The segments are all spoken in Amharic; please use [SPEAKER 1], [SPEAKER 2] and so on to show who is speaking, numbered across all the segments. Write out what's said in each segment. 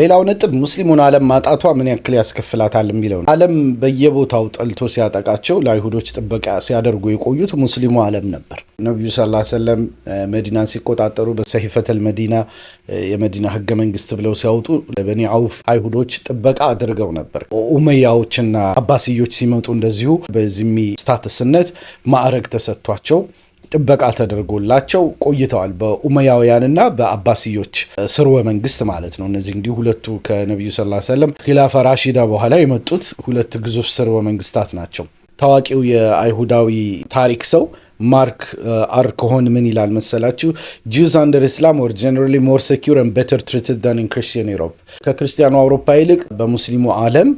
[SPEAKER 1] ሌላው ነጥብ ሙስሊሙን ዓለም ማጣቷ ምን ያክል ያስከፍላታል የሚለው ነው። ዓለም በየቦታው ጠልቶ ሲያጠቃቸው ለአይሁዶች ጥበቃ ሲያደርጉ የቆዩት ሙስሊሙ ዓለም ነበር። ነቢዩ ሰለላሁ ሰለም መዲናን ሲቆጣጠሩ በሰሂፈተል መዲና የመዲና ህገ መንግስት ብለው ሲያወጡ ለበኒ አውፍ አይሁዶች ጥበቃ አድርገው ነበር። ኡመያዎችና አባስዮች ሲመጡ እንደዚሁ በዚሚ ስታትስነት ማዕረግ ተሰጥቷቸው ጥበቃ ተደርጎላቸው ቆይተዋል። በኡመያውያንና በአባስዮች ስርወ መንግስት ማለት ነው። እነዚህ እንግዲህ ሁለቱ ከነቢዩ ሰለላሁ ሰለም ኪላፈ ራሺዳ በኋላ የመጡት ሁለት ግዙፍ ስርወ መንግስታት ናቸው። ታዋቂው የአይሁዳዊ ታሪክ ሰው ማርክ አር ከሆን ምን ይላል መሰላችሁ? ጁዝ አንደር ኢስላም ወር ጀነራሊ ሞር ሴኪር ን በተር ትሪትድ ዳን ን ክርስቲያን ዩሮፕ። ከክርስቲያኑ አውሮፓ ይልቅ በሙስሊሙ ዓለም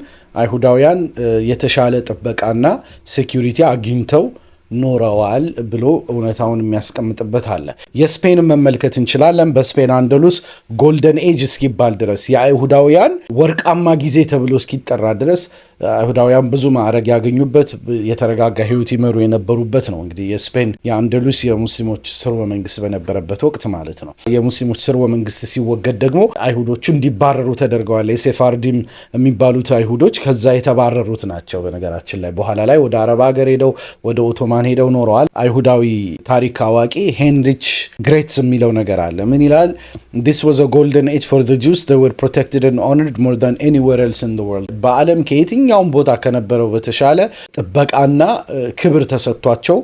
[SPEAKER 1] አይሁዳውያን የተሻለ ጥበቃና ሴኪሪቲ አግኝተው ኖረዋል ብሎ እውነታውን የሚያስቀምጥበት አለ። የስፔንን መመልከት እንችላለን። በስፔን አንደሉስ ጎልደን ኤጅ እስኪባል ድረስ የአይሁዳውያን ወርቃማ ጊዜ ተብሎ እስኪጠራ ድረስ አይሁዳውያን ብዙ ማዕረግ ያገኙበት የተረጋጋ ሕይወት ይመሩ የነበሩበት ነው። እንግዲህ የስፔን የአንደሉስ የሙስሊሞች ስርወ መንግስት በነበረበት ወቅት ማለት ነው። የሙስሊሞች ስርወ መንግስት ሲወገድ ደግሞ አይሁዶቹ እንዲባረሩ ተደርገዋል። የሴፋርዲም የሚባሉት አይሁዶች ከዛ የተባረሩት ናቸው። በነገራችን ላይ በኋላ ላይ ወደ አረብ ሀገር ሄደው ወደ ኦቶማን ጃፓን ሄደው ኖረዋል። አይሁዳዊ ታሪክ አዋቂ ሄንሪች ግሬትስ የሚለው ነገር አለ። ምን ይላል? ዲስ ዋዝ አ ጎልደን ኤጅ ፎር ዘ ጁስ ዘ ወር ፕሮቴክትድ ን ኦነርድ ሞር ዛን ኤኒዌር ኤልስ ኢን ዘ ወርልድ። በዓለም ከየትኛውም ቦታ ከነበረው በተሻለ ጥበቃና ክብር ተሰጥቷቸው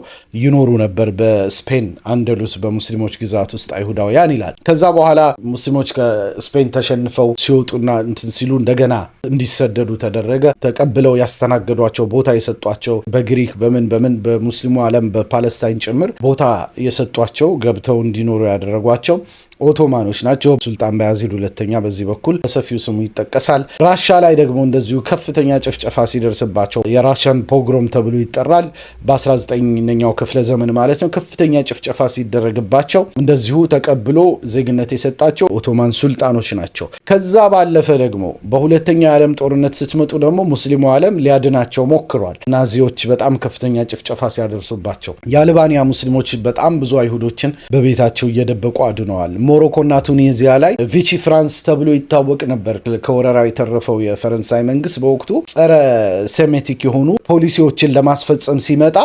[SPEAKER 1] ይኖሩ ነበር በስፔን አንደሉስ በሙስሊሞች ግዛት ውስጥ አይሁዳውያን ይላል። ከዛ በኋላ ሙስሊሞች ከስፔን ተሸንፈው ሲወጡና እንትን ሲሉ እንደገና እንዲሰደዱ ተደረገ። ተቀብለው ያስተናገዷቸው ቦታ የሰጧቸው በግሪክ በምን በምን በሙስ ሙስሊሙ ዓለም በፓለስታይን ጭምር ቦታ የሰጧቸው ገብተው እንዲኖሩ ያደረጓቸው ኦቶማኖች ናቸው። ሱልጣን ባያዚድ ሁለተኛ በዚህ በኩል በሰፊው ስሙ ይጠቀሳል። ራሻ ላይ ደግሞ እንደዚሁ ከፍተኛ ጭፍጨፋ ሲደርስባቸው የራሻን ፖግሮም ተብሎ ይጠራል። በ19ኛው ክፍለ ዘመን ማለት ነው። ከፍተኛ ጭፍጨፋ ሲደረግባቸው እንደዚሁ ተቀብሎ ዜግነት የሰጣቸው ኦቶማን ሱልጣኖች ናቸው። ከዛ ባለፈ ደግሞ በሁለተኛው የዓለም ጦርነት ስትመጡ ደግሞ ሙስሊሙ ዓለም ሊያድናቸው ሞክሯል። ናዚዎች በጣም ከፍተኛ ጭፍጨፋ ሲያደርሱባቸው የአልባንያ ሙስሊሞች በጣም ብዙ አይሁዶችን በቤታቸው እየደበቁ አድነዋል። ሞሮኮና ቱኒዚያ ላይ ቪቺ ፍራንስ ተብሎ ይታወቅ ነበር። ከወረራው የተረፈው የፈረንሳይ መንግስት በወቅቱ ጸረ ሴሜቲክ የሆኑ ፖሊሲዎችን ለማስፈጸም ሲመጣ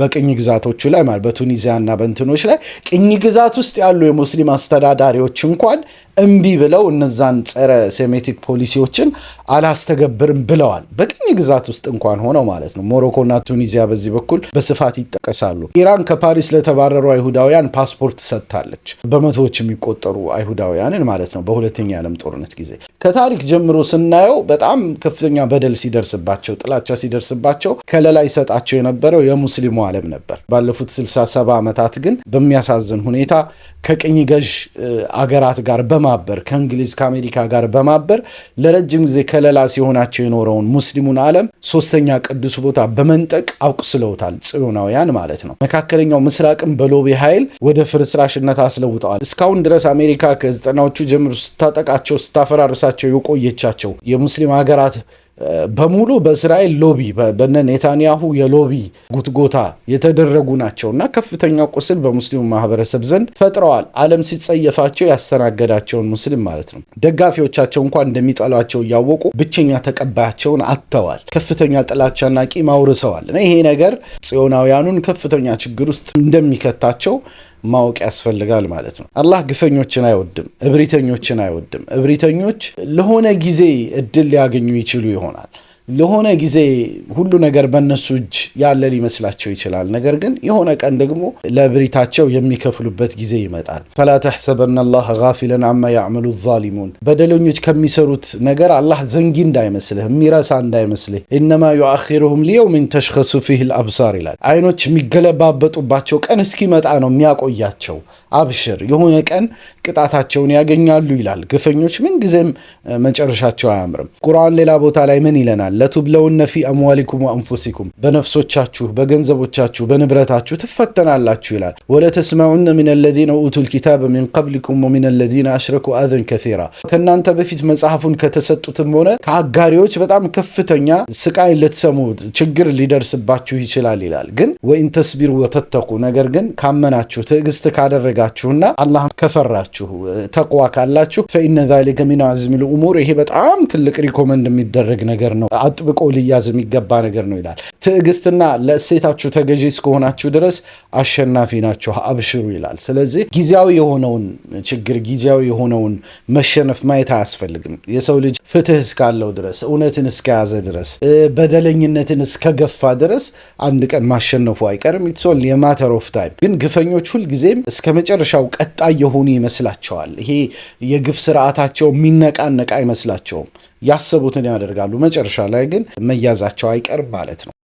[SPEAKER 1] በቅኝ ግዛቶቹ ላይ ማለት በቱኒዚያና በእንትኖች ላይ ቅኝ ግዛት ውስጥ ያሉ የሙስሊም አስተዳዳሪዎች እንኳን እምቢ ብለው እነዛን ጸረ ሴሜቲክ ፖሊሲዎችን አላስተገብርም ብለዋል። በቅኝ ግዛት ውስጥ እንኳን ሆነው ማለት ነው። ሞሮኮና ቱኒዚያ በዚህ በኩል በስፋት ይጠቀሳሉ። ኢራን ከፓሪስ ለተባረሩ አይሁዳውያን ፓስፖርት ሰጥታለች። በመቶዎች የሚቆ የተቆጠሩ አይሁዳውያንን ማለት ነው በሁለተኛ የዓለም ጦርነት ጊዜ። ከታሪክ ጀምሮ ስናየው በጣም ከፍተኛ በደል ሲደርስባቸው፣ ጥላቻ ሲደርስባቸው ከለላ ይሰጣቸው የነበረው የሙስሊሙ ዓለም ነበር። ባለፉት 67 ሰባ ዓመታት ግን በሚያሳዝን ሁኔታ ከቅኝ ገዥ አገራት ጋር በማበር ከእንግሊዝ ከአሜሪካ ጋር በማበር ለረጅም ጊዜ ከለላ ሲሆናቸው የኖረውን ሙስሊሙን ዓለም ሶስተኛ ቅዱስ ቦታ በመንጠቅ አውቅስለውታል ጽዮናውያን ማለት ነው። መካከለኛው ምስራቅም በሎቤ ኃይል ወደ ፍርስራሽነት አስለውጠዋል። እስካሁን ድረስ ድረስ አሜሪካ ከዘጠናዎቹ ጀምሮ ስታጠቃቸው ስታፈራርሳቸው የቆየቻቸው የሙስሊም ሀገራት በሙሉ በእስራኤል ሎቢ በነ ኔታንያሁ የሎቢ ጉትጎታ የተደረጉ ናቸው እና ከፍተኛ ቁስል በሙስሊሙ ማህበረሰብ ዘንድ ፈጥረዋል። ዓለም ሲጸየፋቸው ያስተናገዳቸውን ሙስሊም ማለት ነው። ደጋፊዎቻቸው እንኳን እንደሚጠሏቸው እያወቁ ብቸኛ ተቀባያቸውን አጥተዋል። ከፍተኛ ጥላቻና ቂም አውርሰዋል እና ይሄ ነገር ጽዮናውያኑን ከፍተኛ ችግር ውስጥ እንደሚከታቸው ማወቅ ያስፈልጋል ማለት ነው። አላህ ግፈኞችን አይወድም፣ እብሪተኞችን አይወድም። እብሪተኞች ለሆነ ጊዜ እድል ሊያገኙ ይችሉ ይሆናል ለሆነ ጊዜ ሁሉ ነገር በእነሱ እጅ ያለ ሊመስላቸው ይችላል። ነገር ግን የሆነ ቀን ደግሞ ለብሪታቸው የሚከፍሉበት ጊዜ ይመጣል። ፈላ ተሕሰበና አላህ ጋፊለን አማ ያዕመሉ ዛሊሙን። በደለኞች ከሚሰሩት ነገር አላህ ዘንጊ እንዳይመስልህ፣ የሚረሳ እንዳይመስልህ። እነማ ዩአኪሩሁም ሊየውሚን ተሽኸሱ ፊህ ልአብሳር ይላል። አይኖች የሚገለባበጡባቸው ቀን እስኪመጣ ነው የሚያቆያቸው። አብሽር፣ የሆነ ቀን ቅጣታቸውን ያገኛሉ ይላል። ግፈኞች ምንጊዜም መጨረሻቸው አያምርም። ቁርአን ሌላ ቦታ ላይ ምን ይለናል? ለቱብለውነ ፊ አምዋሊኩም ወአንፉሲኩም በነፍሶቻችሁ በገንዘቦቻችሁ በንብረታችሁ ትፈተናላችሁ ይላል። ወለተስማዑነ ምን ለዚነ ኡቱል ኪታበ ሚን ቀብሊኩም ወሚን ለዚነ አሽረኩ አዘን ከሲራ ከእናንተ በፊት መጽሐፉን ከተሰጡትም ሆነ ከአጋሪዎች በጣም ከፍተኛ ስቃይ ልትሰሙ ችግር ሊደርስባችሁ ይችላል ይላል። ግን ወኢን ተስቢሩ ወተተቁ ነገር ግን ካመናችሁ ትዕግስት ካደረጋችሁና አላህ ከፈራችሁ ተቅዋ ካላችሁ ፈኢነ ዛሊከ ሚን አዝሚል ኡሙር ይሄ በጣም ትልቅ ሪኮመንድ የሚደረግ ነገር ነው። አጥብቆ ሊያዝ የሚገባ ነገር ነው ይላል። ትዕግስትና ለእሴታችሁ ተገዢ እስከሆናችሁ ድረስ አሸናፊ ናችሁ፣ አብሽሩ ይላል። ስለዚህ ጊዜያዊ የሆነውን ችግር ጊዜያዊ የሆነውን መሸነፍ ማየት አያስፈልግም። የሰው ልጅ ፍትህ እስካለው ድረስ እውነትን እስከያዘ ድረስ በደለኝነትን እስከገፋ ድረስ አንድ ቀን ማሸነፉ አይቀርም። ኢትሶል የማተር ኦፍ ታይም ግን ግፈኞች ሁልጊዜም እስከ መጨረሻው ቀጣይ የሆኑ ይመስላቸዋል። ይሄ የግፍ ስርዓታቸው የሚነቃነቃ አይመስላቸውም። ያሰቡትን ያደርጋሉ። መጨረሻ ላይ ግን መያዛቸው አይቀርም ማለት ነው።